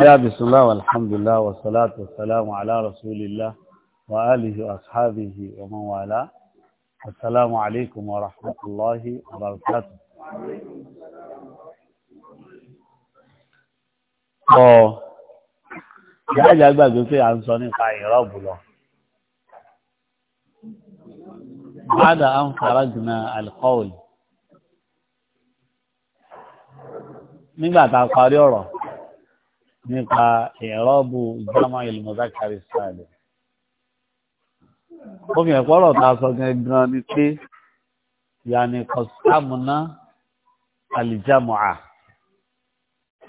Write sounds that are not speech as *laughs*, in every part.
يا بسم الله والحمد لله والصلاة والسلام على رسول الله وآله وأصحابه ومن والاه السلام عليكم ورحمة الله وبركاته ọ̀ ìyáàjà gbàgbé pé عن صني sọ رب الله بعد أن خرجنا القول من بعد tá nípa ìrọ́bù ìjọmọ́ ìlúmọ̀dákàrí sáàlẹ̀. ó fi ẹ̀pọ̀ ọ̀rọ̀ ta sọ gan-an ni pé yàní kọ̀sámùná àlìjámọ̀á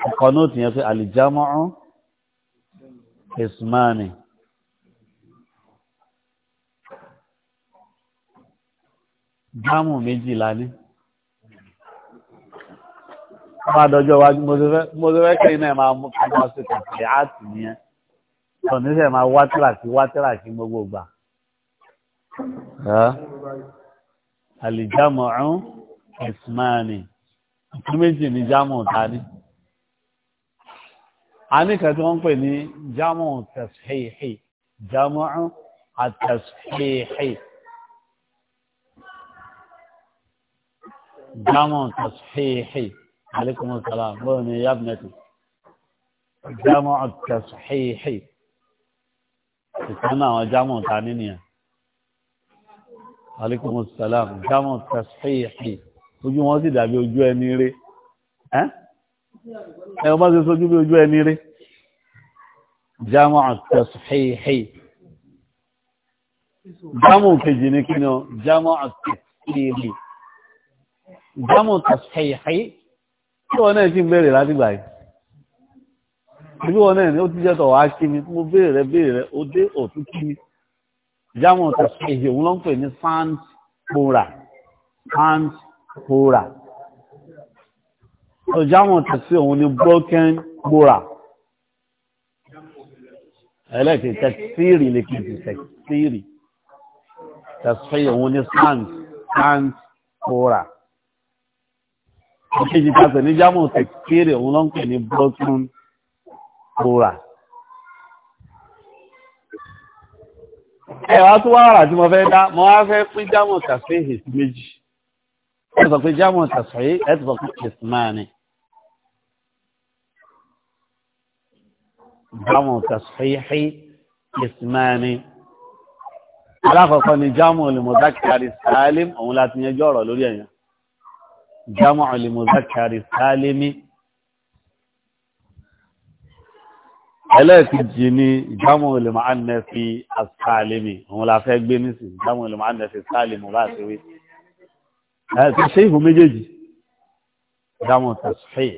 ọkọ̀ náà ti yẹn pé àlìjámọ̀ ìsùmánì. jámù méjìlá ni máa dọjọ́ wájú mo ti fẹ́ kẹ́yìn náà máa mú kí wọ́n ṣe kàkiri áàtì nìyẹn tó níṣẹ́ máa wá tìràkì wá tìràkì gbogbo gbà. àlìjámọ̀ ọ̀hún ẹ̀sìmáàní ìpín méjì ní jámọ̀ tani. a ní kan tí wọ́n ń pè ní jámọ̀ tẹ̀síhìhì jámọ̀ ọ̀hún àtẹ̀síhìhì. jámọ̀ tẹ̀síhìhì. عليكم السلام بون يا ابنتي جامع التصحيح سمع وجامع تعنيني عليكم السلام جامع التصحيح ojú wọn sì dàbí ojú ẹni rí ẹ ẹ bá ṣe sojú bí ojú ẹni rí jámọ àtẹsíhìhì jámọ kejì ní kí ni ọ jámọ àtẹsíhìhì jámọ àtẹsíhìhì tí wọ́n náà sì ń bẹ̀rẹ̀ látìgbà yìí bí wọ́n náà ni ó ti jẹ́ tọ̀ wá kí mi mo béèrè rẹ béèrè rẹ ó dé òtún kí mi jáwọn ọ̀tọ̀ èyí òun ló ń pè ní sand pora sand pora jáwọn ọ̀tọ̀ sí òun ni broken pora ẹlẹ́kìn tẹ̀síìrì lèkìtì tẹ̀síìrì tẹ̀síìrì òun ni sand sand pora ìkejì tàṣẹ ní jámọ̀ tẹ̀kẹ́rẹ̀ òun ló ń pè ní brooklyn bora. ẹ wá tó wá wàrà tí mo fẹ́ dá mo wá fẹ́ pín jámọ̀ tàṣẹ èsì méjì ẹ pé jámọ̀ tàṣẹ ẹ pé èsì máa ní. jámọ̀ tàṣẹ èsì máa ní. alákọ̀ọ́kọ́ ni jámọ̀ olùmọ̀dákàrí sàálìm òun láti yanjú ọ̀rọ̀ lórí ẹ̀yàn. جمع لمذكر سالم ẹlẹ́ẹ̀kejì ni jámù olùmọ̀ánẹ́fì asálẹ́mì òun la fẹ́ gbé nísì jámù olùmọ̀ánẹ́fì sálẹ́mì bá ti wí ẹ̀sìn ṣe ìhù méjèèjì jámù tẹ̀sífẹ́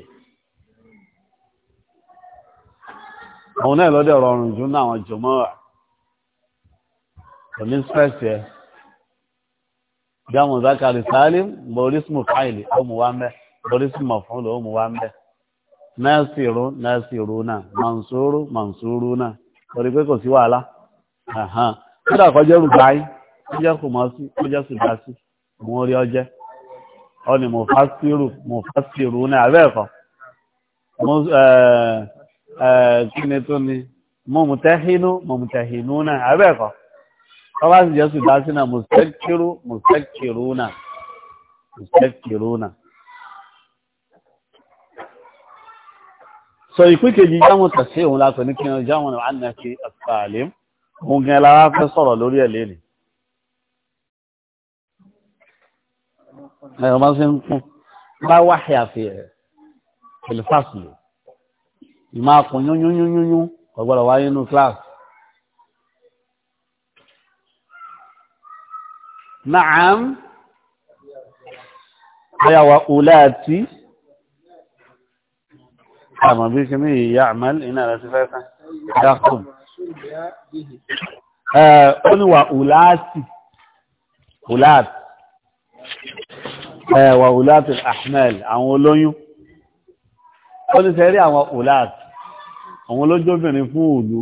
òun náà lọ́dẹ̀ rọrùn jù náà jùmọ́ rà kò ní stress جمع ذكر سالم بقول اسمه فاعل او موامه بقول اسمه مفعول او موامه ناصر ناصرون منصور منصورون torí pé tọ́wá sì jẹ́ sùdá sínà mùsẹ́kìrú mùsẹ́kìrúnà mùsẹ́kìrúnà. sọ ìpín kejì jáwọn tàṣí òun láti ní kí wọn jáwọn ànàkí àtàlẹ́ òun gan lára fẹ́ sọ̀rọ̀ lórí ẹ̀ lẹ́nu. ẹ̀rọ máa ń ṣe ń kún bá wáhì àfihàn ìlú fásitì ìmáa kún yún yún yún yún kò gbọ́dọ̀ wáyé nínú kíláàsì. na'am aya wa ulati ama bi kimi ya'mal ina la sifafa yaqum eh oni wa ulati ulat eh wa ulat al ahmal àwọn olóyún oni se ri àwọn ulat àwọn olójóbìnrin fún òòlù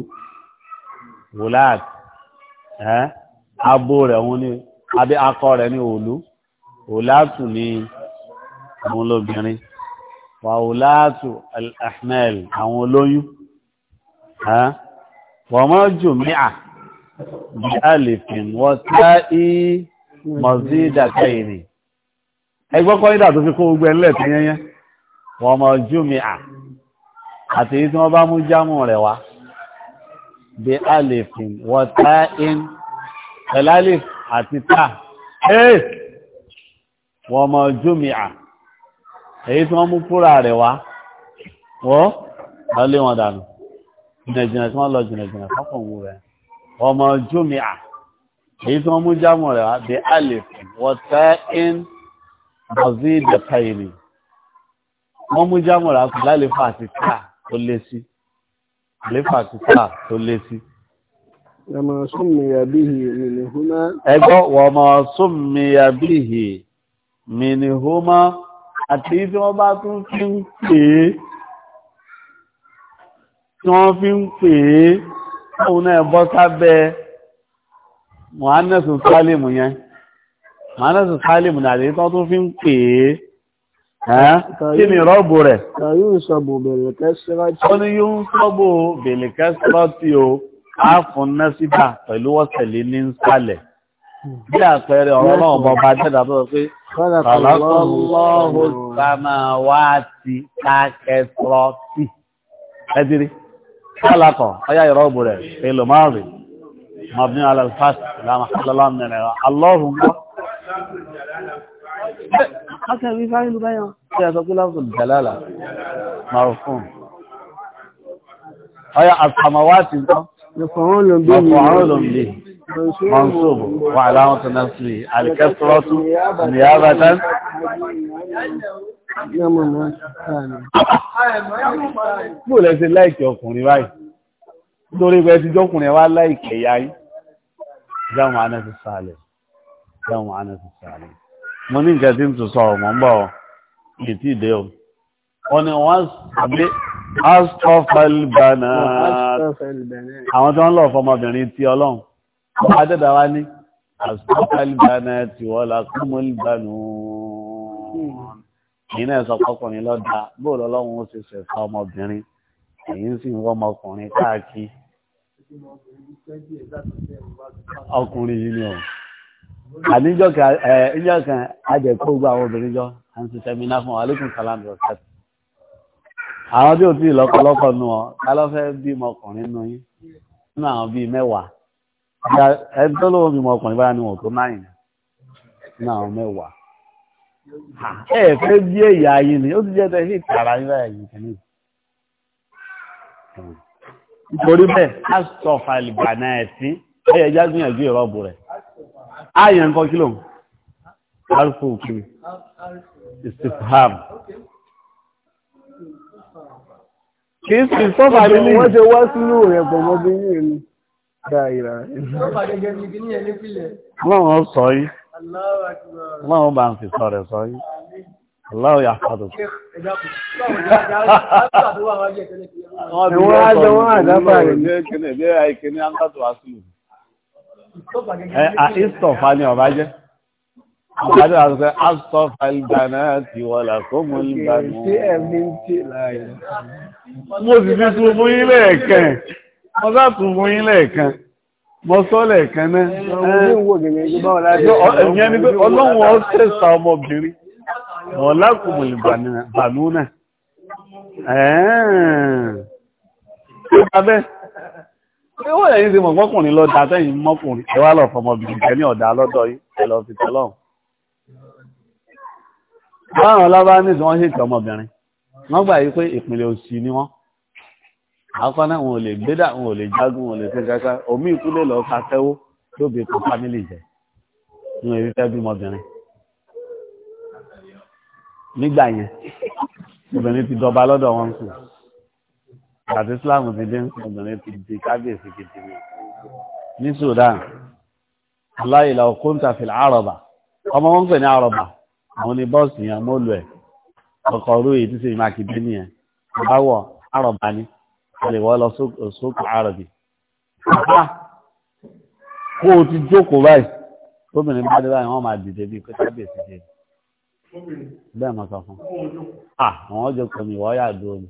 ulat eh abo rẹ̀ wọ́n àbí akọ rẹ̀ ní òòlù òòlàtù ní àwọn olóbìnrin wà òòlàtù al-ahmal àwọn olóyún wọ́n mọ́ jù mìíà bí alìfin wọ́n tá í mọ̀sídà kẹ́yìnì ẹgbọ́kọ́ ìdà tó fi kó gbogbo ẹlẹ́ tí yẹnyẹ wọ́n mọ̀ jù mìíà àti tí wọ́n bá mú jámù rẹ̀ wá bí alìfin wọ́n tá í pẹ̀lálìfin àti tá ẹ́ wọ́n mọ jùmíà èyí tí wọ́n mú fúra rẹ̀ wá wọ́n lọ lé wọn dànù jìnàjìnà tí wọ́n lọ jìnàjìnà fọ́kànwó rẹ̀ wọ́n mọ jùmíà èyí tí wọ́n mú jámù rẹ̀ wá bí alif wọ́n tẹ́ in Wàmọ̀ súnmìyà bíhì mìnìhúmá. Ẹgbọ́ wàmọ̀ súnmìyà bíhì mìnìhúmá àti tí wọ́n bá tún fi ń pè é. Tí wọ́n fi ń pè é, òun náà bọ́ sábẹ́ Mùhánẹ́sùn Sálìmù yẹn. Mùhánẹ́sùn Sálìmù nàdé tí wọ́n tún fi ń pè é. Kí ni rọ́bù rẹ̀? Ó ní yóò ń sọ́bù bèlèkẹ́sìrọ́tì o àáfún násíbà pẹ̀lú wọ́sẹ̀lẹ̀ ní nsàlẹ̀ bí àpẹẹrẹ ọ̀rọ̀ náà mọ̀ bá dẹ́dà tó sọ pé kọ̀lọ́kọ̀lọ́hù sàmáwáàtì kákẹ́tọ́tì ẹdírí kọ́lákọ̀ ọyá ìrọ́bù rẹ̀ pẹ̀lú márùn mọ̀bí alàlfàṣì lámàlọ́lámìnira alọ́hùn gbọ́ akẹ́rí fáìlú báyọ̀ tí a sọ pé láwùsùn náà مفعول به مفعول به منصوب وعلامة نصبه الكسرة نيابة Bó lẹ ṣe láìkẹ̀ ọkùnrin báyìí? Nítorí pé ti jọ́kùnrin wá láìkẹ̀ ya yìí. Jáwọn àánà ti sàálẹ̀. Jáwọn àánà ti sàálẹ̀. Mo ní nǹkan tí ń tún sọ̀rọ̀ mọ́ ń bọ̀. Ètí ìdẹ́ o wọ́n ni wọ́n sàbí astofalbana àwọn tó ń lọ fọmọbìnrin tí ọlọ́run adẹ́dàwá ní astofalbana tí wọ́n la kúmọlbanu nínú ẹ̀sọ́ pọ́kùnrin lọ́dà bóòlù ọlọ́run ó sì sẹ̀sà ọmọbìnrin èyí sì ń wọ́n ọmọkùnrin káàkiri ọkùnrin yìí ni ọ̀ àníjọ́ kan ajẹ̀kó gbogbo àwọn obìnrin jọ à ń ṣiṣẹ́ mi náà fún wa alaikum salam rọ̀ṣẹ́tì àwọn tí ò tí lọ́kọ̀lọ́kọ̀ nù ọ́ ta ló fẹ́ bímọ ọkùnrin nù yín nínú àwọn bíi mẹ́wàá ẹni tó lóun bímọ ọkùnrin báyà ni wọn tó náyìn nínú àwọn mẹ́wàá ẹ fẹ́ bí èyí ayé ni ó ti jẹ́ tẹ́lẹ̀ ìtara yín báyà yìí kìíní. Hmm. nítorí bẹ́ẹ̀ a sọ fàlìbà náà ẹ̀ sí ẹ̀yẹ ẹja gbìyànjú ìrọ́bù rẹ̀ ààyè nǹkan kí lòun arúgbó kiri istifham kì í sì sọ́fà nínú ìlú. wọ́n ṣe wá sínú rẹ̀ pọ̀ mọ́ bí yìí ni. dáìrà. sọ́fà gẹ́gẹ́ bí kíní ẹni pìlẹ̀. ọlọ́run sọ yìí. ọlọ́run bá ń fi sọ rẹ̀ sọ yìí. ọlọ́run yà fàdù. wọ́n á jẹ wọ́n àdábà rẹ̀. kíní ẹ̀ àìkíní á ń tàtò wá sí ìlú. àìsàn fa ni ọba jẹ́. Àbájá àwọn ọ̀sẹ̀ Astolf Alibana ti wọlà kómù Alibana. Ṣé ẹ̀mí ń tè láàyè? Mo sì fi tún fún yín lẹ́ẹ̀kan. Mo sá tún fún yín lẹ́ẹ̀kan. Mo sọ lẹ́ẹ̀kan náà. Ẹ̀yẹn ni pé ọlọ́run ọ ṣẹ̀ṣà ọmọbìnrin. Wọlá kómù Alibana. Ẹ̀ẹ́n ìwọ̀n ẹ̀yìn ti mọ̀ mọ́kùnrin lọ́dà tẹ́yìn mọ́kùnrin ẹwà lọ fọmọbìnrin tẹ́ ní ọ̀dà lọ́dọ̀ yìí ẹ̀lọ́ fi tẹ́lọ́run báwọn ọlọ́bá ní ìsìn wọ́n ṣe ìtọ́ ọmọbìnrin wọ́n gbà yìí pé ìpínlẹ̀ òsì ni wọ́n àkọ́kọ́ náà wọn ò lè gbédà wọn ò lè jágún wọn ò lè ṣe kankan omi ìkúlẹ̀ lọ́ọ́ ka tẹ́wó tó bí kó fámìlì jẹ wọn èyí fẹ́ bímọbìnrin nígbà yẹn obìnrin ti dọba lọ́dọ̀ wọn sùn àti Islam ti dé obìnrin ti di kábíyèsí kìtì ní Sudan aláìlà òkúńtà fìlà àrọ̀bà ọmọ wọn pè ní àrọ̀bà àwọn ní bọ́ọ̀sì yẹn mọ́lù ẹ̀ ọkọ̀ orú èyí tí sì máa kìdí nìyẹn bá wọ̀ àrọ̀bá ni a lè wọ́ lọ sókò àrọ̀bì. kó o ti jókòó báyìí tóbìnrin bá dé báyìí wọ́n máa dìde bíi pé kábíyèsí dé bẹ́ẹ̀ mọ̀ sọ fún àwọn ọjọ́ kan ní ìwọ́ yà dúró ni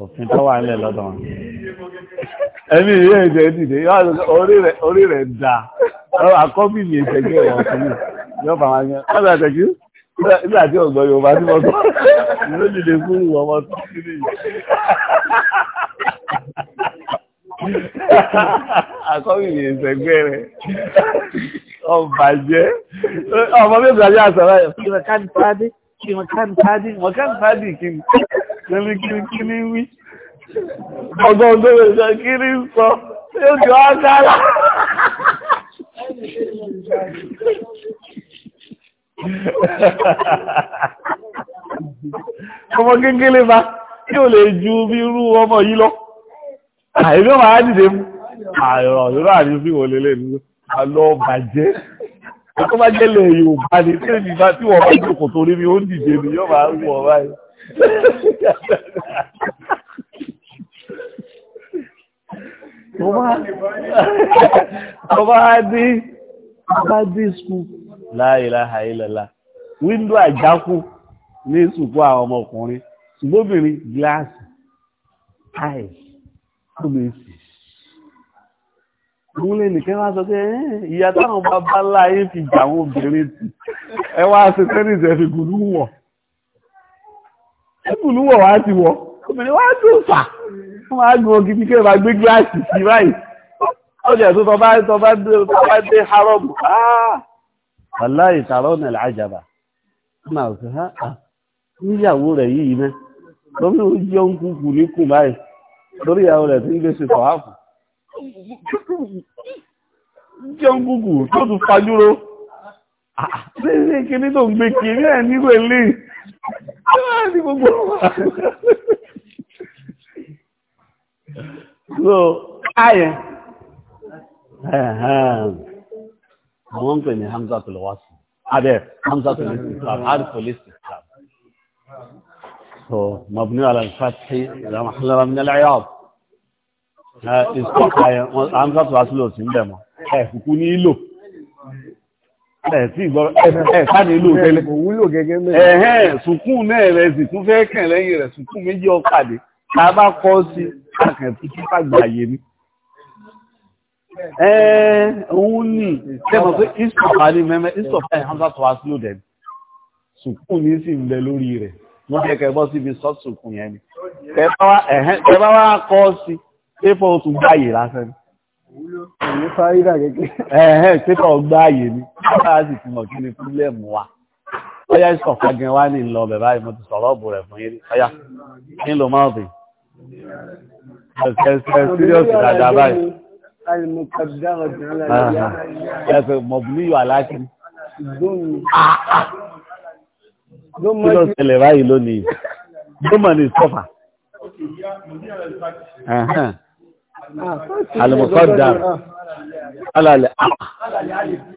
òfin tó wà nílẹ̀ lọ́dọ̀ wọn. ẹni ìyé ẹ̀jẹ̀ dìde orí rẹ̀ da àkọ́bí mi ẹ̀jẹ̀ gẹ̀ wọ̀ fún yóò fà wọn yẹn lọ́dọ̀ àtẹ̀jú nígbà tí ọ̀gbọ́n yorùbá tí mo sọ ló dìde fún ìwọ ọmọ tó kiri yìí. akọ́wìnì ìṣẹ̀gbẹ́ rẹ̀ ọ̀bàjẹ́ ọmọ mẹ́ta yà sọ̀rọ̀ ìwọ̀n káàdì pàdé ìwọ̀n káàdì pàdé ìwọ̀n káàdì pàdé kìíní kìíní kìíní kìíní ọmọ kékeré bá tí ò lè ju irú ọmọ yìí lọ àìrí ọmọ àádìdé mú àìrọ̀ ìrọ̀ àrí sí wọlé lẹ́nu alọ́ bàjẹ́ ọkọ̀ bá jẹ́ lẹ̀ Yorùbá ni tí èmi bá tí wọ́n bá jòkó torí mi ó ń dìde mi yóò máa ń wọ̀ báyìí ọba ọba adé ọba láìláha ìlàlá wíńdò àjákù ní ìsìnkú àwọn ọmọkùnrin ṣùgbọ́bìnrin gíláàsì táìsì kúmẹ̀sì múlẹ̀ nìkan wá sọ pé eh, ìyá táwọn bàbá láyé fi jà àwọn obìnrin tì ẹ wá ṣe tẹ́nìsì ẹ fi gùlú wọ̀ ẹ gùlú wọ̀ wá ti wọ̀ obìnrin wá dùn fà wọ́n máa gun ogi kíkẹ́ máa gbé gíláàsì sí báyìí ọjà tó tọ́ bá dé harọ́bù wàláì tààrọ nà lájàbà ọmọ òkè ha níyàwó rẹ̀ yìí mẹ́ lọ́mọ yọ ń kúkú ní kù báyìí lórí ìyàwó rẹ̀ tí ń gbé sí fọ̀háfù jọ ń kúkú tó tún fajúró ah, ah, ṣe kíní tó ń gbé kiri ẹ̀ nílò ilé ah, ní gbogbo so àwọn ń pè ní hamza tó lọ wá sí abẹ hamza tó lọ hard police islam so mabni ala fati ala mahalara min ala ayab ìsọkà yẹn hamza tó wá sí lọ sí ń bẹ mọ ẹ kúkú ní ìlò ẹ sí ìgbọràn ẹ sáni ìlú tẹ́lẹ̀ òwúlò gẹ́gẹ́ mẹ́rin ẹhẹn sùkún náà rẹ sì tún fẹ́ kàn lẹ́yìn rẹ sùkún méjì ọkàdé tá bá kọ sí kàkàn kíkà gbàyè ni òun ní tẹ́mọ̀ pé ìsọ̀fà ní mẹ́mẹ́ ìsọ̀fà ìhánsá tó wá sílò dẹ̀ sùkún ní sì ń bẹ lórí rẹ̀ wọ́n jẹ́ kẹ́bọ́ síbi sọ́sùkún yẹn ni tẹ́bá wá kọ́ sí pépọ̀ tún gbáyè lásán ní pépọ̀ gbáyè ni lára sì ti mọ̀ kí ni pílẹ̀mù wa ọyá ìsọ̀fà gan wá ní lọ bẹ̀bá ìmọ̀ ti sọ̀rọ̀ ọ̀bù rẹ̀ fún yín ọyá kí ló máa bì ẹ̀sẹ̀ síríọ̀sì dáadáa báyìí ẹ̀fẹ̀ mọ̀bílíyù aláṣẹ. kí ló ṣẹlẹ̀ báyìí lónìí gómọ̀ ní sọ́fà. Àlùmọ̀kọ́dà alàlẹ̀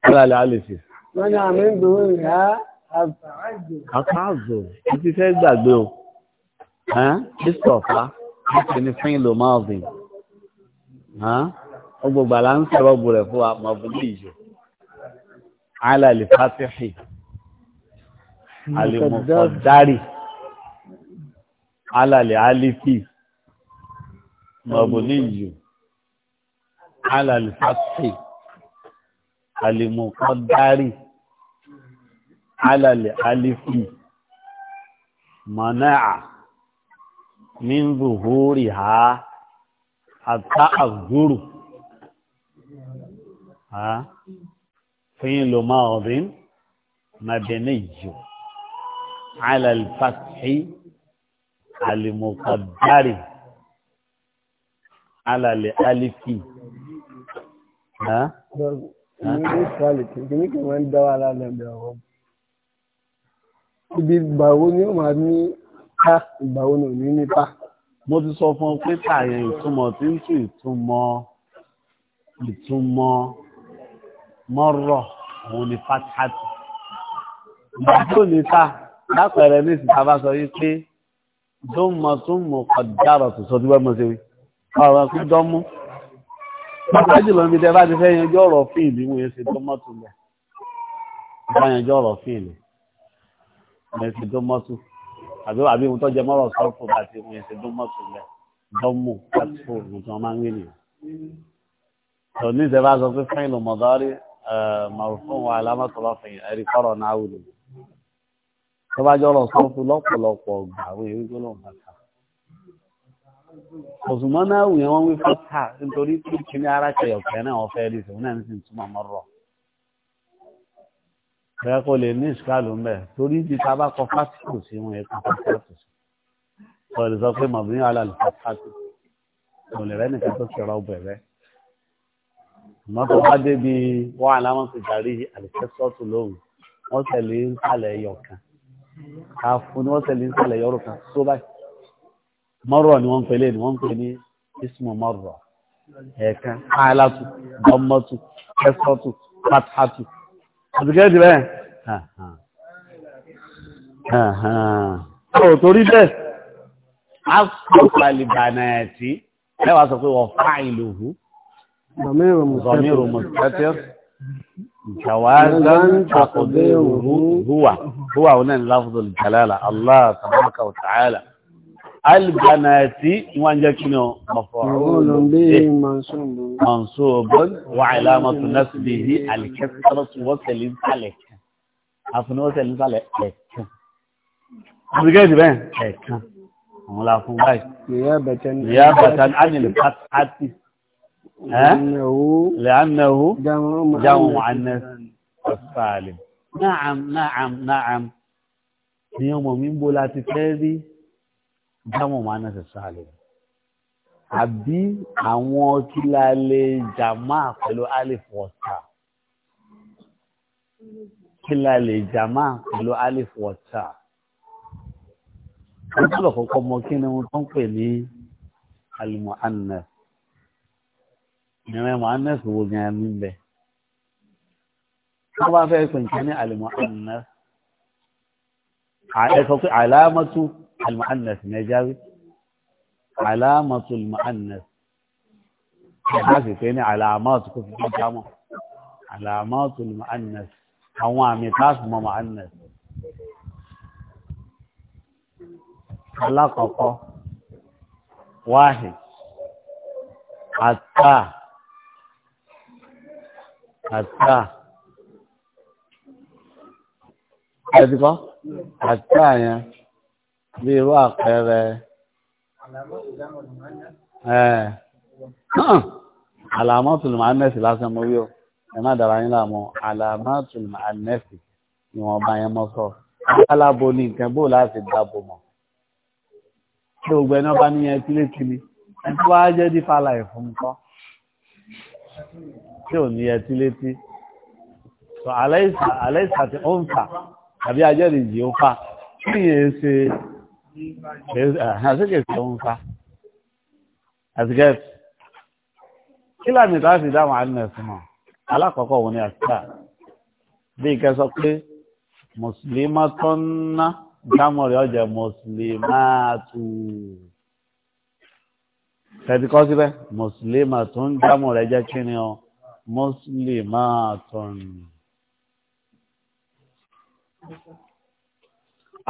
alàlẹ̀ alẹ́sì. Wọ́n ní àmì ń gbòó ìhá àpáàzò. Àpáàzò, ó ti fẹ́ gbàgbé o. Bísọ̀fà, ó ti ní fún ìlò Malvin gbogbo àlà ń sọ̀rọ̀ bù rẹ̀ fún wa mọ̀bùlì ìjọ alàlè fásitì alìmọ̀kọ̀dárì alàlè alifi mọ̀bùlì ìjọ alàlè fásitì alìmọ̀kọ̀dárì alàlè alifi mọ̀náà min zuhuriha àtà àzúrù. ها فعل ماض مبني على الفتح المقدر على الألف ها Ibi ìgbàwo ni ó máa ní ká ìgbàwo ni ò ní nípa. Mo ti sọ fún ọ pé tààyàn ìtumọ̀ tí ń tún ìtumọ̀ ìtumọ̀ mọ́rọ̀ òun ni fàtàtì ìgbàjò níta lápẹẹrẹ ní ìsìnká bá sọ yí pé dọ́mọ tó mọ̀ kọ̀dárọ̀ tó sọ tíwẹ́ mọ́ sí wí ọ̀rọ̀ kú dọ́mú pàtàkì jùlọ níbi tẹ́ bá ti fẹ́ yanjú ọ̀rọ̀ fíìlì wọ́n yẹn ṣe dọ́mọ́ tó lẹ̀ bá yanjú ọ̀rọ̀ fíìlì wọ́n yẹn ṣe dọ́mọ́ tó àbí àbí ohun tó jẹ mọ́rọ̀ sọ́ọ̀fù àti wọ́n yẹn ṣe dọ́mọ́ tó lẹ̀ dọ́mú pàtó nǹkan máa ń wí nìyẹn. tòní ìṣẹ́ bá sọ pé fẹ́ẹ́ lọ mọ̀dárì màrúfún alámọ̀tò lọ́fìn ẹ̀rí kọ́rọ̀ náà wù lòdì tó bá jọ lọ sọ́ọ̀fù lọ́pọ̀lọpọ̀ gbàwé wíwí ló ń bàtà òṣùmọ́ náà wù yẹn wọ́n wí fọ́tà nítorí tí kíní ara kẹyọ̀ kẹ́ náà wọ́n fẹ́ rí ìṣòwò náà sì ń túmọ̀ mọ́rọ̀ bẹ́ẹ̀ kò lè ní ìṣúkàlù mbẹ́ torí ibi tá a bá kọ fásitì sí wọn ẹ̀ka fásitì sọ̀rọ̀ sọ pé mọ̀bí alàlù mọ́tò bá débi wọ́n aláwọ̀sì darí àlìkẹ́sọ́tù lóhùn wọ́n tẹ̀lé ń sàlẹ̀ ẹyọ kan àfún ni wọ́n tẹ̀lé ń sàlẹ̀ ẹyọ kan tó báyìí mọ́rọ̀ ni wọ́n ń pèlè ni wọ́n ń pè ní ismu mọ́rọ̀ ẹ̀ẹ̀kan alátù gọmọ́tù kẹsọ́tù pátátù àtùkẹ́ ti bẹ́ẹ̀ ọ̀ torí bẹ́ẹ̀ a sọ̀kalì bànàẹ̀tì lẹ́wàá sọ pé wọ́n fáìlì òhun ضمير مستتر جوازا تقديره هو هو هنا لفظ الجلالة الله تبارك وتعالى البنات وانجكنو مفعول به منصوب منصوب وعلامة نسبه الكسرة وصل عليك àfúnni ó tẹ̀lé sálẹ̀ ẹ̀kan àbígẹ́ẹ̀dì bẹ́ẹ̀ ẹ̀kan àwọn làfún báyìí ìyá bàtà ní لأنه جمع الناس السالم نعم نعم نعم يوم من بولات الثالث جمع الناس السالم àbí àwọn kí la lè jàmá pẹ̀lú alif wọ̀tà kí la lè jàmá pẹ̀lú alif wọ̀tà wọ́n tọ́lọ̀ kọ́kọ́ mọ kí ni wọ́n tó ń pè ní alimuhannas ìrìn mọ̀ánẹ́s wo gan ní bẹ̀. wọ́n bá fẹ́ pè nǹkan ní àlùmọ̀ánẹ́s àẹ́sọ pé àlámọ́tú àlùmọ̀ánẹ́s nẹ́jáwí àlámọ́tú àlùmọ̀ánẹ́s wọ́n sì pé ní àlámọ́tú kó fi kíkà mọ́ àlámọ́tú àlùmọ̀ánẹ́s àwọn àmì táàsì mọ́ mọ̀ánẹ́s. alákọ̀ọ́kọ́ wáhìí àtà. àtà ẹ̀dìkọ́ àtà yẹn bí irú àpẹẹrẹ ẹ̀ àlàmọ́tùlù máa nẹ́sì lásán mo rí o ẹ má dára yín láàmú àlàmọ́tùlù máa nẹ́sì ni wọ́n bá yẹn mọ́ sọ alábo ní nǹkan bó láti dáàbò mọ́ tí ògbẹ́ náà bá níyẹn kílékílé ẹ tó bá jẹ́ dífàlà ẹ̀fún kọ́ tí ò ní ẹtí létí sọ aláìsà aláìsà tí ó ń fà tàbí ajẹ́rìjì ó fà kí yẹn ṣe àṣekèsè ó ń fà àtìgẹ́tì kí láàmì tá fi dáhùn àdínà sí alákọ̀ọ́kọ́ òun ni àṣìkà bí ìkẹsọ pé mùsùlùmá tó ń ná dámọ̀ rẹ̀ ọjà mùsùlùmá tù tẹ̀síkọ́ síbẹ̀ mùsùlùmá tó ń dámọ̀ rẹ̀ jẹ́ kí ni o muslimatun.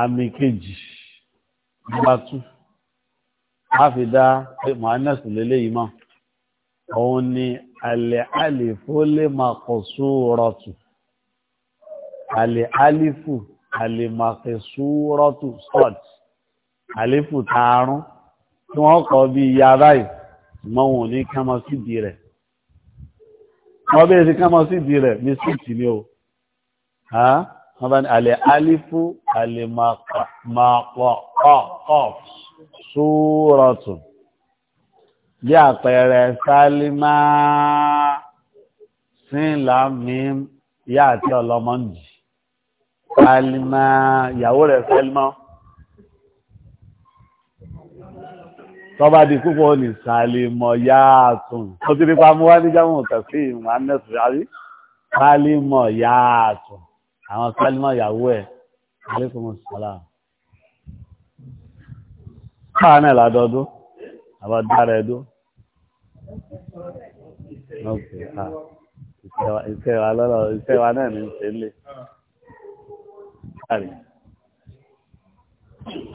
àmì kejì nígbà tú a fi dá mohannes lélẹ́ yìí mọ́ òun ni alẹ́ àlèfó lè máa kọ̀ sóòrọ̀tù alẹ́ àlèfò alẹ́ máa kẹ̀ sóòrọ̀tù sọ́ọ̀t àlèfò tààrún tí wọ́n kọ́ bí yàrá yìí mọ́ wọn ní kámọ́ síbi rẹ̀ wọ́n bẹ̀rẹ̀ sí kámọ́ sí ìdí rẹ̀ ní síìtì ni o wọ́n bá ní alẹ́ alifu alẹ́ makọ̀kọ̀ ṣúrọ̀tún bí àpẹẹrẹ sálímà sílámìm yá àti ọlọmọ ń jì sálímà ìyàwó rẹ̀ sálímà. tọ́ba di púpọ̀ ní sàlìmọ̀ yáàtùn ó ti nípa mú wá níjà mú tẹ̀sí ìwọ̀n anẹ́sìrárì sàlìmọ̀ yáàtùn àwọn sàlìmọ̀ ìyàwó ẹ̀ alaykum salaam káà náà ládọ́dún àbá dára ẹ̀dún ìṣẹ́ wa lọ́rọ̀ ìṣẹ́ wa náà ní ṣe lè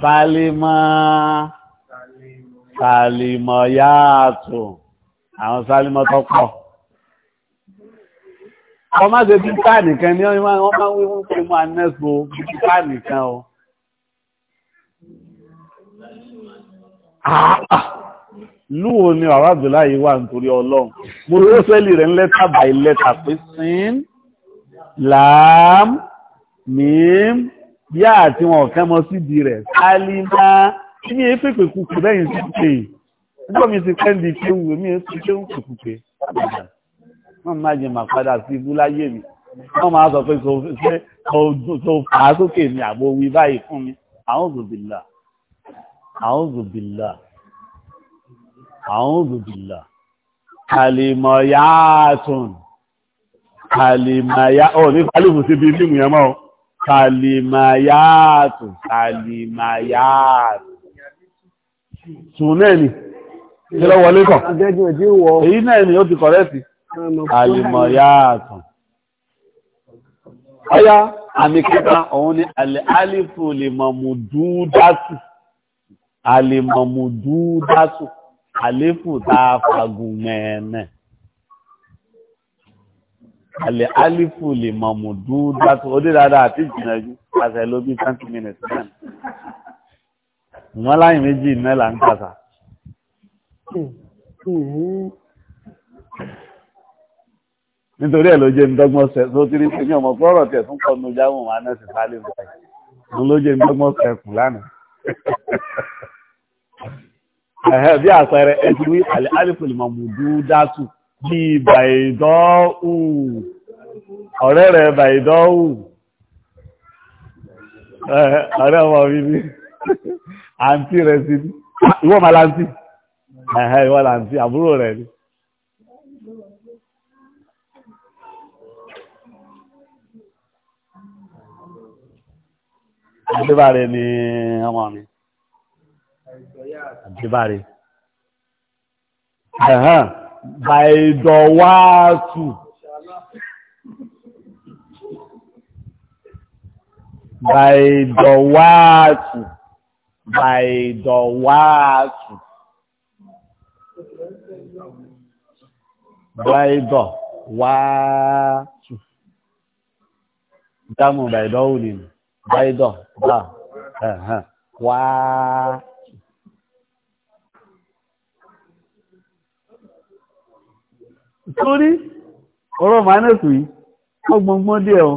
sàlìmọ̀ sàlìmọ̀ yáàtò àwọn sàlìmọ̀ tó pọ̀ wọ́n má ṣe bí ká nìkan ní wọ́n máa wí wọ́n pè mú anẹ́sò bí ká nìkan o ah, lúwo ni ọ̀rọ̀ àdúrà yìí wà nítorí ọlọ́run mo rí ó sẹ́lì rẹ̀ ń lẹ́tà by lẹ́tà pé sin lam mim yá àti wọn kẹ́mọ síbi rẹ̀ sálímà ní épèpè kúkú lẹ́yìn sí pé ẹjọ́ mi ti pẹ́ di kéwù mi ń fi kéwù kúkú pé wọ́n máa jẹ màá padà sí ibú láyé mi wọ́n máa sọ pé tó fà á sókè mi àbò wí báyìí fún mi a'udhu billah a'udhu billah a'udhu billah kàlìmọ̀yàtùn kàlìmọ̀yà ọ̀ ní kálùkù síbi mímú yẹn mọ́ kàlìmọ̀yàtùn kàlìmọ̀yàtùn sùn náà ni kí lọ wọlé kàn èyí náà ni ó ti kọ̀rẹ́ẹ̀tì àlìmọ̀ yáàtàn ọyá àmì kẹta òun ni àlìfò lè mọ̀mù dúdásù àlìmọ̀mù dúdásù àlìfò tá a fagun mẹ́ẹ̀mẹ́ àlẹ́ alifu lè mọ̀mù dúdásù ó dé dáadáa àti ìjìnlẹ̀ jù àṣẹ ló bí minutes wọ́n láyìn méjì mẹ́là ń kàtà nítorí ẹ̀ ló jẹ́ ìdọ́gbọ́n sẹ tó tí rí pé ní ọmọ pọ́rọ̀ tẹ̀ tún kọ́ nu jáwọn wà náà sì sálé mọ́ ẹ̀ ló jẹ́ ìdọ́gbọ́n sẹ kù lánàá ẹ̀hẹ́ bí àpẹẹrẹ ẹ̀jú wí àlẹ́ alifoli mamudu dátù bí bàìdọ́ù ọ̀rẹ́ rẹ̀ bàìdọ́ù ọ̀rẹ́ ọmọ bíbí àǹtí rẹ̀ sí ní ìwọ ma láǹtí ẹ̀hẹ́ ìwọ láǹtí àbúrò rẹ̀ ni àdébàrẹ̀ ni ọmọ mi àdébàrẹ̀ ẹ̀hẹ́ bàìdọ̀wàátù bàìdọ̀wàátù by the word by the word dámù by the only by the da uh-huh. word. torí ọ̀rọ̀ manus yìí ọgbọ̀ngbọ́n díẹ̀ o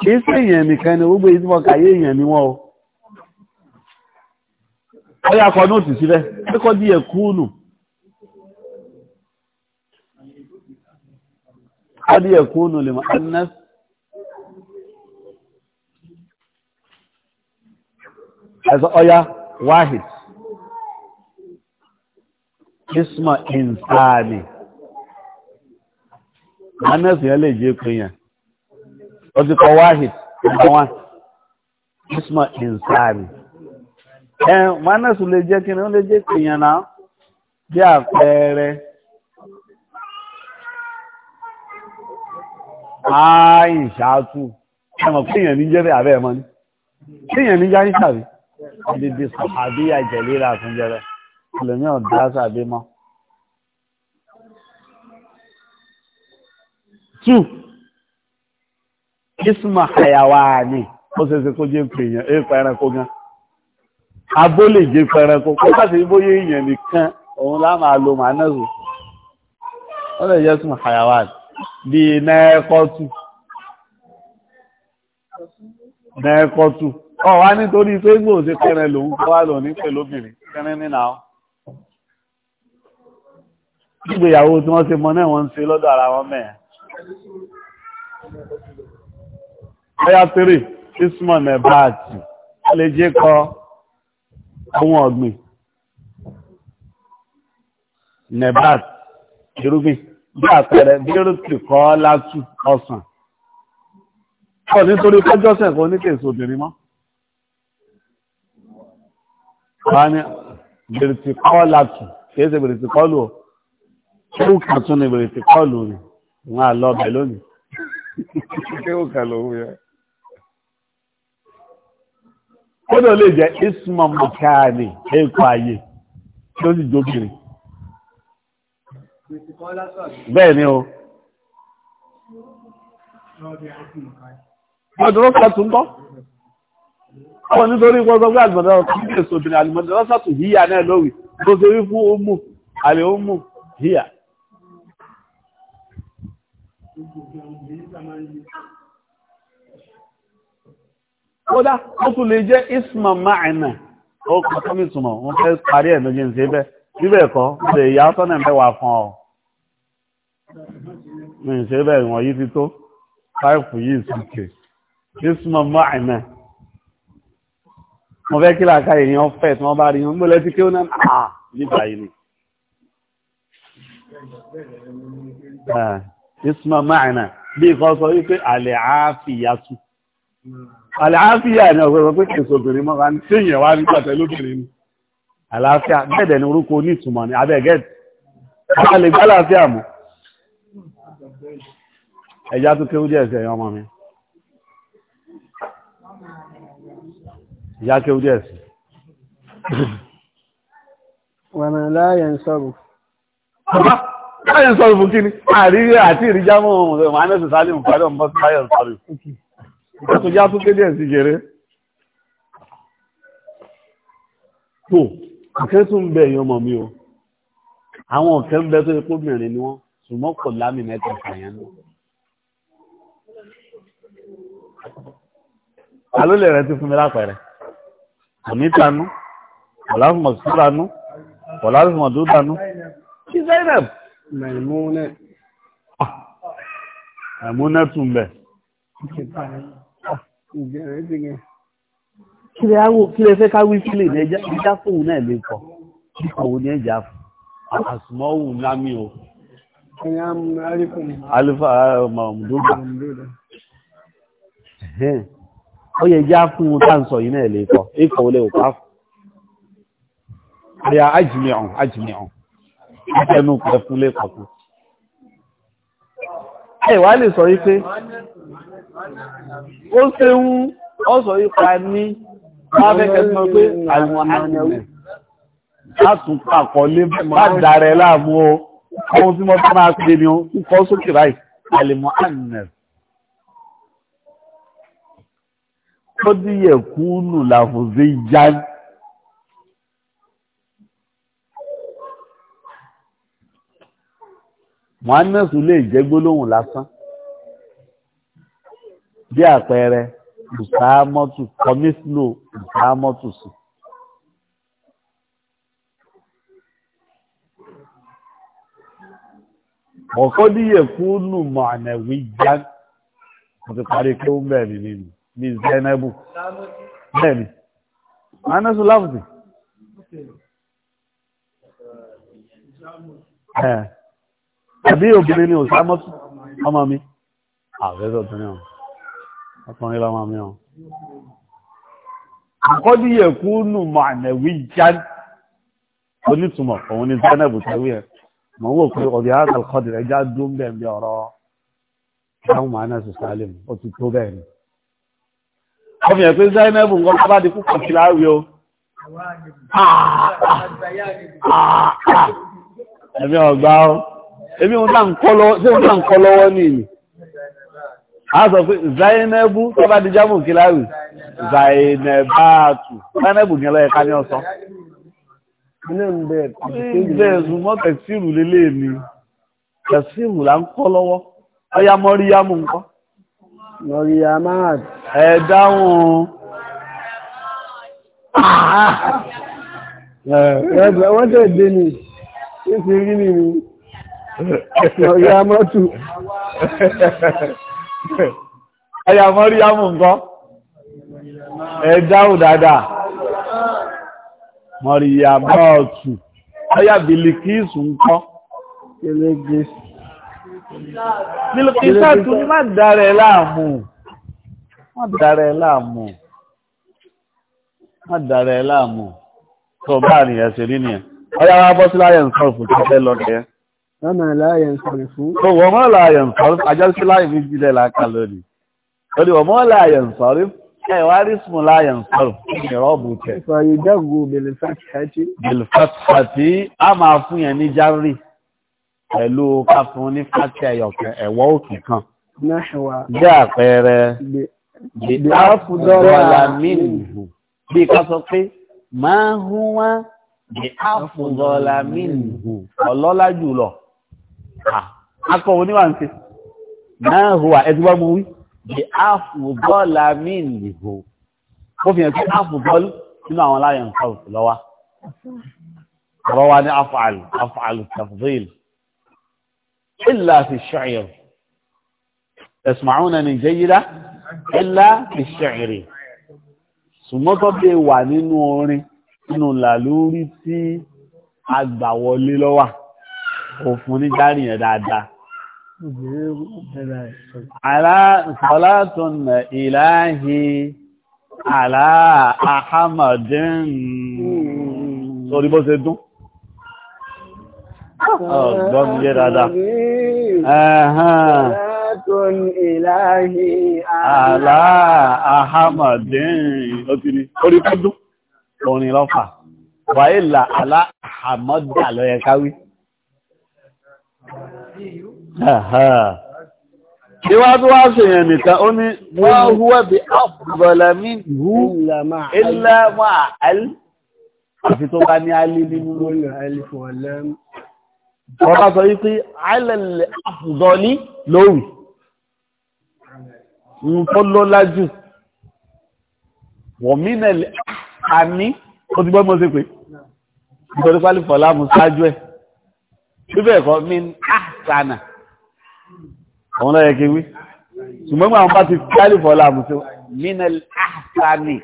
kìí sí èèyàn nìkan ni gbogbo kàyé èèyàn ni wọ́n o ọyá akọ nóòtù síbẹ̀ kíkọ́ di ẹ̀kúùnù adi ẹ̀kúùnù lè mọ̀ ẹ́nẹ́s ẹ̀sọ́ ọyá wáhid isma insani ẹ́nẹ́s yẹn lè jẹ́ pé yẹn kọ wáhid ọdún wọn ẹn mánàsù lè jẹ́ kí ni ó lè jẹ́ pèèyàn náà bí àpẹẹrẹ ààyìn ṣáàtù ẹmọ̀ pèèyàn ní jẹ́rẹ̀ àbẹ́ ẹ̀mọ́ ní pèèyàn ní járí sàbí ọdídí sàbí àjẹ̀lera àtúnjẹrẹ ẹlòmí ọ̀dá sàbí mọ́ two isma hayawa ni ó ṣe ṣe kó jẹ́ pèèyàn èèpẹ̀ ẹranko gan abó lè jẹ pẹranko kó láti ní bóyá èèyàn nìkan òun lá máa lo màánàzù wọ́n lè jẹ́ sùn hayawan bíi nẹ́ẹ̀kọ́tù nẹ́ẹ̀kọ́tù ọ̀ wá nítorí pé gbò ṣe kẹrẹ lòun kọ́ wá lò ní pẹ̀lú obìnrin kẹrin nínà ọ́ ìgbéyàwó tí wọ́n ṣe mọ náà wọ́n ń ṣe lọ́dọ̀ ara wọn mẹ́ẹ̀ ọyá tẹ́rẹ̀ ismọ̀ nẹ̀ àwọn ọ̀gbìn nebat irúgbìn bí àpẹẹrẹ bí rúkì kọ́ látù ọ̀sán ọ̀ nítorí kọjọ́sẹ̀ kọ́ ní kèsò obìnrin mọ́ wá ní bèrètì kọ́ látù kìí ṣe bèrètì kọ́ lù ọ́ kí kàtún ní bèrètì kọ́ lù ní wọn àlọ́ ọbẹ̀ lónìí kódà ó lè jẹ́ ismọ̀ mọ̀káàní ẹ̀kọ́ ayé tí ó sì jóbìnrin bẹ́ẹ̀ ni o ọdúnrọ́sà tún bọ́ ọ nítorí pọ́sọ́ pé àgbàdà ọ̀tọ́lẹ̀ sóbìnrin alìmọ̀dọ́sà tún híyà náà lówì tó ṣe wí fún ọmọ alẹ́ ọmọ híyà kódá ó tún lè jẹ́ isma ma'ina ó kọ́ sọ́mí túnmọ̀ wọ́n fẹ́ parí ẹ̀ méjì ń ṣe bẹ́ẹ̀ bíbẹ̀ kọ́ lè yá sọ́nà mẹ́wàá fún ọ mi ṣe bẹ́ẹ̀ wọ́n yí ti tó fáìfù yìí sókè isma ma'ina mo fẹ́ kí làákà èèyàn fẹ́ tí wọ́n bá rí wọn gbọ́lẹ́ tí kí ó náà nígbà yìí ni ah, isma ma'ina bí ìkọ́ sọ wípé àlẹ́ àáfìyàtú àlàáfíà ni ọ̀sọ̀rọ̀ pé kèsò obìnrin mọ́ra ní tí èyàn wá ní pàtẹ́ lóbìnrin ni àlàáfíà gẹ́ẹ̀dẹ̀ ni orúkọ onítùmọ̀ ni abẹ́gẹ́ẹ̀dì a lè gbá àlàáfíà mú ẹjá tó kéwú díẹ̀ sí ẹ̀yàn ọmọ mi ìyá kéwú díẹ̀ sí wọ̀nà láyẹn sọ̀rọ̀ láyẹn sọ̀rọ̀ fún kí ni àrírí àti ìríjámọ́ ọmọ ìgbàtò já tó kéde ẹ̀sì jẹrẹ tó ọ̀kẹ́ tó ń bẹ èèyàn mọ̀ mí o àwọn ọ̀kẹ́ ń bẹ tó epo mìíràn ni wọ́n ṣùgbọ́n kò lámì mẹ́ta fàyàn náà alólè rẹ ti fún mi lápẹẹrẹ onítànú ọ̀làfùmọ̀ sùúrànú ọ̀làfùmọ̀ dúdànú kí Zainab mẹ̀múnẹ̀ ah, mẹ̀múnẹ̀ tún bẹ̀ kí lè fẹ́ ká wí sílè ní ẹjá ìjá fóun náà lè kọ̀ àwọn ní ẹjá fún àsùmọ́wù lámì o alifa mahmududa ó yẹ já fún un tá ń sọ yìí náà lè kọ̀ ikọ̀ olè òpá fún àyà ajìmìọ̀n ajìmìọ̀n ẹnu pẹ̀ fún lè kọ̀ fún ẹ̀wà lè sọ yí pé ó ṣe ń ọ̀sọ̀ ipa ní pàfẹ́kẹ́sọ́ pé àwọn ànàwó látún pàkọlé bá dàrẹ láàmú o àwọn tí mo fẹ́ máa pè ní o kọ́ sókè báyìí àlèmọ́ ànàwó ó díyẹ̀ kúnnù làfòzé yáni. Mọ́ánẹ́sù lè jẹ́ gbólóhùn lásán. bí àpẹẹrẹ ìsáámọ́tù kọ́mísìlò ìsáámọ́tù sí. ọ̀kọ́díyè fúnnù ọkọ já mo ti parí kí ó ń bẹ̀rẹ̀ nínú ní Zainabu bẹ́ẹ̀ni anásù láfùtì ẹ̀ àbí obìnrin ni òsámọ́tù ọmọ mi àfẹ́sọ̀ tó ní ọ̀hún. ọkùnrin lọ́mọ mi ọ̀ àkọ́díyẹ̀ kúnnù mànẹ̀wí ján onítùmọ̀ òun ni Zainab tẹ́wí ẹ̀ mọ̀ wò pé ọ̀bí àkọ́kọ́dì rẹ̀ já dún bẹ́ẹ̀ bí ọ̀rọ̀ táwọn màánà ẹ̀mí ọ̀gbá ọ́ ẹ̀mí òun tá ń kọ́ lọ́wọ́ ní ìlú a sọ pé zainabu tó bá di jámù kí láwì zainabatu zainabu gẹ́lọ́ ẹ̀ká ní ọ̀sán ilé ìsúnmọ́ tẹ̀síìrù lélẹ̀ mi tẹ̀síìrù là ń kọ́ lọ́wọ́ ọya mọ́ríyámù ń kọ́ mọ́ríyámát ẹ̀ dáhùn ẹ̀bẹ̀ wọ́n tẹ̀ dé ni ní ti rí ni mi *laughs* mọ́ríyámátù ẹ̀yà mọ́ríyámù ńkọ́ ẹ dáhùn dáadáa mọ́ríyámọ́ọ̀tù ọyá bìlìkísù ńkọ́ kélégbé bìlìkísù ní má dára ẹ láàmú má dára ẹ láàmú má dára ẹ láàmú tó bá nìyẹn ṣe rí nìyẹn ọyá wa bọ́ sí láyẹ̀ ń sọ̀rọ̀ tó fẹ́ lọ́dẹ̀ẹ́ Ọmọ láàyè ń sọ̀rọ̀ fún. Tó wọ́n mọ́ láàyè ń sọ̀rọ̀ àjọṣe láì fi jílẹ̀ láka lónìí. Ó ní wọ́n mọ́ láàyè ń sọ̀rọ̀ ẹ wá rí sùn láàyè ń sọ̀rọ̀ ní rọ́ọ̀bù tẹ̀. Ìfọ̀yì dẹ́gù bèlìfàtì. Bèlìfàtì á máa fún yẹn ní járì pẹ̀lú ká fún ní fàtì ẹ̀yọ̀kẹ́ ẹ̀wọ́ òkè kan. Bí àpẹẹrẹ, bí àfùdọ́là mínú bí ká sọ pé máa ń hún wá bí àfùdọ́là mínú ọlọ́lá jùlọ akọ oníwà ń ṣe náà hùwà ẹdúgbọ́n mu wí the afubọ́ọ̀lù amin nìbò ó fi hàn pé afubọ́ọ̀lù nínú àwọn aláyọ̀ nǹkan òkú lọ́wọ́ ọ̀rọ̀ wa ní afàlù afàlù tafdil ìlà fi ṣọ́ọ̀rì ẹ̀sùmáwùn ẹni jẹ́yìlá ìlà fi ṣọ́ọ̀rì sùmọ́tọ́ bí wà nínú orin nínú làlórí tí agbàwọlé lọ́wọ́ òfun ní járì yẹn dáadáa. Aláàtún ìláhì aláàhámàdín sórí bó ṣe dún. Ọ̀gbọ́n mi yé dáadáa. Aláàtún ìláhì aláàhámàdín ó ti ní orí kọ́ dún. Orin lọ́fà. Wàílà aláàhámọ́dà lọ́yẹ káwí. Kí wá tó wá ṣe yẹn nìkan, ó ní wọ́n húwẹ́ bí ápùbọ̀lámí hú ilẹ̀ máa àlì, àfi tó bá ní alì nínú lórí àìlìfò ọ̀lẹ́mù. Ọba sọ yí pé àìlẹ̀lẹ̀ ápùbọ̀lí lórí, ń tó lọ́lájú, wọ̀mínẹ̀lẹ̀ àní, ó ti gbọ́ síbẹ̀ kọ́ mi ń àṣànà àwọn ọ̀rẹ́ kí wí ṣùgbọ́n mú àwọn bá ti kálífọ́ láàmùsọ minel àṣàní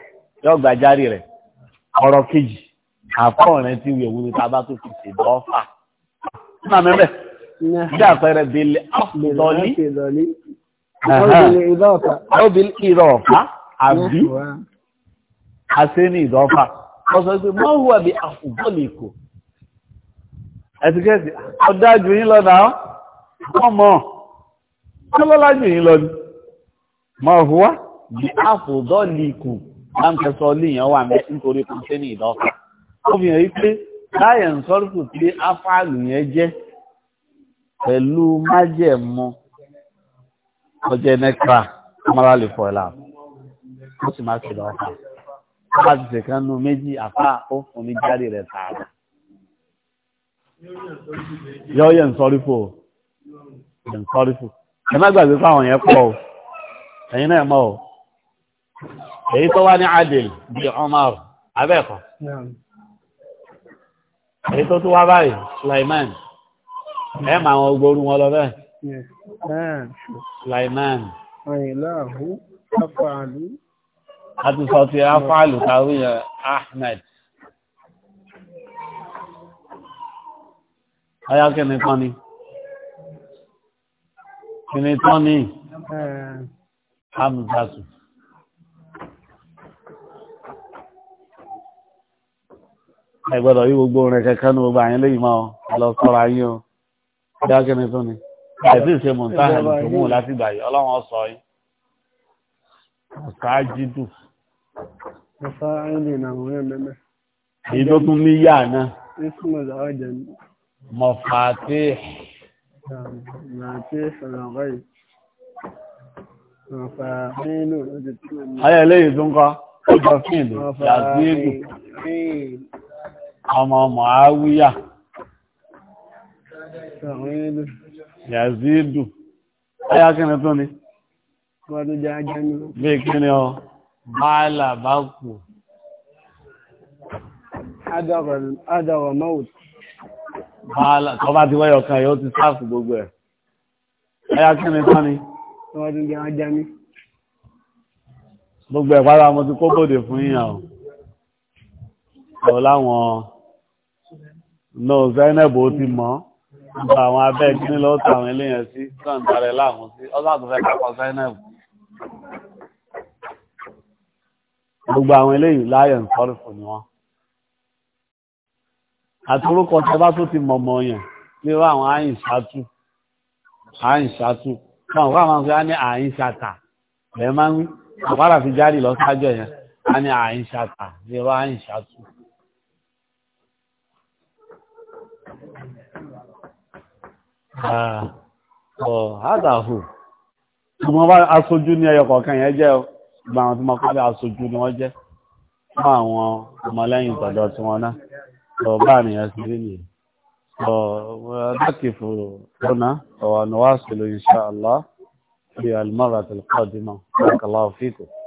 yóò gbà járí rẹ̀ ọ̀rọ̀ kejì àfọ̀rẹ́ tí wí òun ni ta bá tó fi ṣe dọ́fà náà mẹ́rẹ̀ bí àpẹẹrẹ bèlè àfùdọ́lí ọ̀bìlì ìdọ̀ọ̀fà àbí àṣẹ ní ìdọ̀ọ̀fà ọ̀sọ̀ pé mọ́hùwà bí àfùdọ́lì kò ẹ̀tìkẹ́ẹ̀tì ọ̀dájú yín lọ́nà ọmọ ọlọ́lájú yín lọ ní ma hùwá bí áfùdọ́lìkù láǹkẹsọ líyàn wà mẹ́ nítorí kùnṣẹ́ ní ìdọ́kà ó fi hàn wípé láyẹ̀ ń sọ́rùkù tí áfáàlù yẹn jẹ́ pẹ̀lú májẹ̀mú ọjẹ́ nẹ́kra ọmọlá lè fọ́ ẹ̀là ó sì má ṣe lọ́kà ó bá ti ṣèkánú méjì àfáà ó fún ní jáde rẹ̀ tààrà yóò yẹ ǹsọ́rífò ǹsọ́rífò ẹ má gbàgbé fáwọn yẹn pọ̀ o ẹ̀yin náà mọ́ o èyí tó wá ní adìl bí Omar abẹ́ẹ̀kọ́ èyí tó tó wá báyìí Sulaiman ẹ mà àwọn gbóòrú wọn lọ bẹ́ẹ̀ Sulaiman a ti sọ ti afáàlù káwí Ahmed Aya kìíní tán ni. Kìíní tán ni. Hamzatu. Ẹ gbọ́dọ̀ yí gbogbo rẹ̀ kẹ́kẹ́ ní gbogbo àyín léyìí máa lọ sọ́ra yín o. Aya kìíní tán ni. Àìsí ìṣe mọ̀ntáhà ní tòmú láti gbà yìí, ọlọ́run sọ yìí. Ọ̀ká jídù. Ọ̀ká ayé Èyí tó tún ní yáà náà. مفاتيح مفاتيح الغيب مفاعيل هيا ليه زنقا مفاعيل يزيد أما معاوية يزيد هيا كنا توني بكني هو بالا باكو أدغ أدغ موت tó bá ti wáyọ̀ kan yóò ti sáàfù gbogbo ẹ̀ ẹyà kí ni tán ni wọ́n ti jẹ́ wọ́n jẹ́ ní gbogbo ẹ̀ pàdà mo ti kó bòdè fún yíyàn ọ̀ láwọn náà Zainab ó ti mọ́ nípa àwọn abẹ́ kí ní lọ́wọ́ tàwọn eléyàn sí sàn darẹ̀ láwọn sí ọlọ́àtúnfẹ́ kápọ̀ Zainab gbogbo àwọn eléyìí láyọ̀ ń sọ́rọ̀ fún ni wọ́n àtúrúkọ tó bá tó ti mọ̀mọ̀ yàn nírú àwọn àyìnṣàtú àyìnṣàtú káwọn káwọn máa ń sọ ní máa ń àpárà fi jáde lọ yẹn á ní àyìnṣàtà nírú àyìnṣàtú. Ah, ọ̀ hádàhù ọmọ bá aṣojú ní ẹyọ kọ̀ọ̀kan yẹn jẹ́ gbàmọ̀ tí mo kọ́ bí aṣojú ni wọ́n jẹ́ fún àwọn ọmọlẹ́yìn tọ̀dọ̀ tí wọ́n náà. طبعا يا سيدي ونقف هنا ونواصل إن شاء الله في المرة القادمة بارك الله فيكم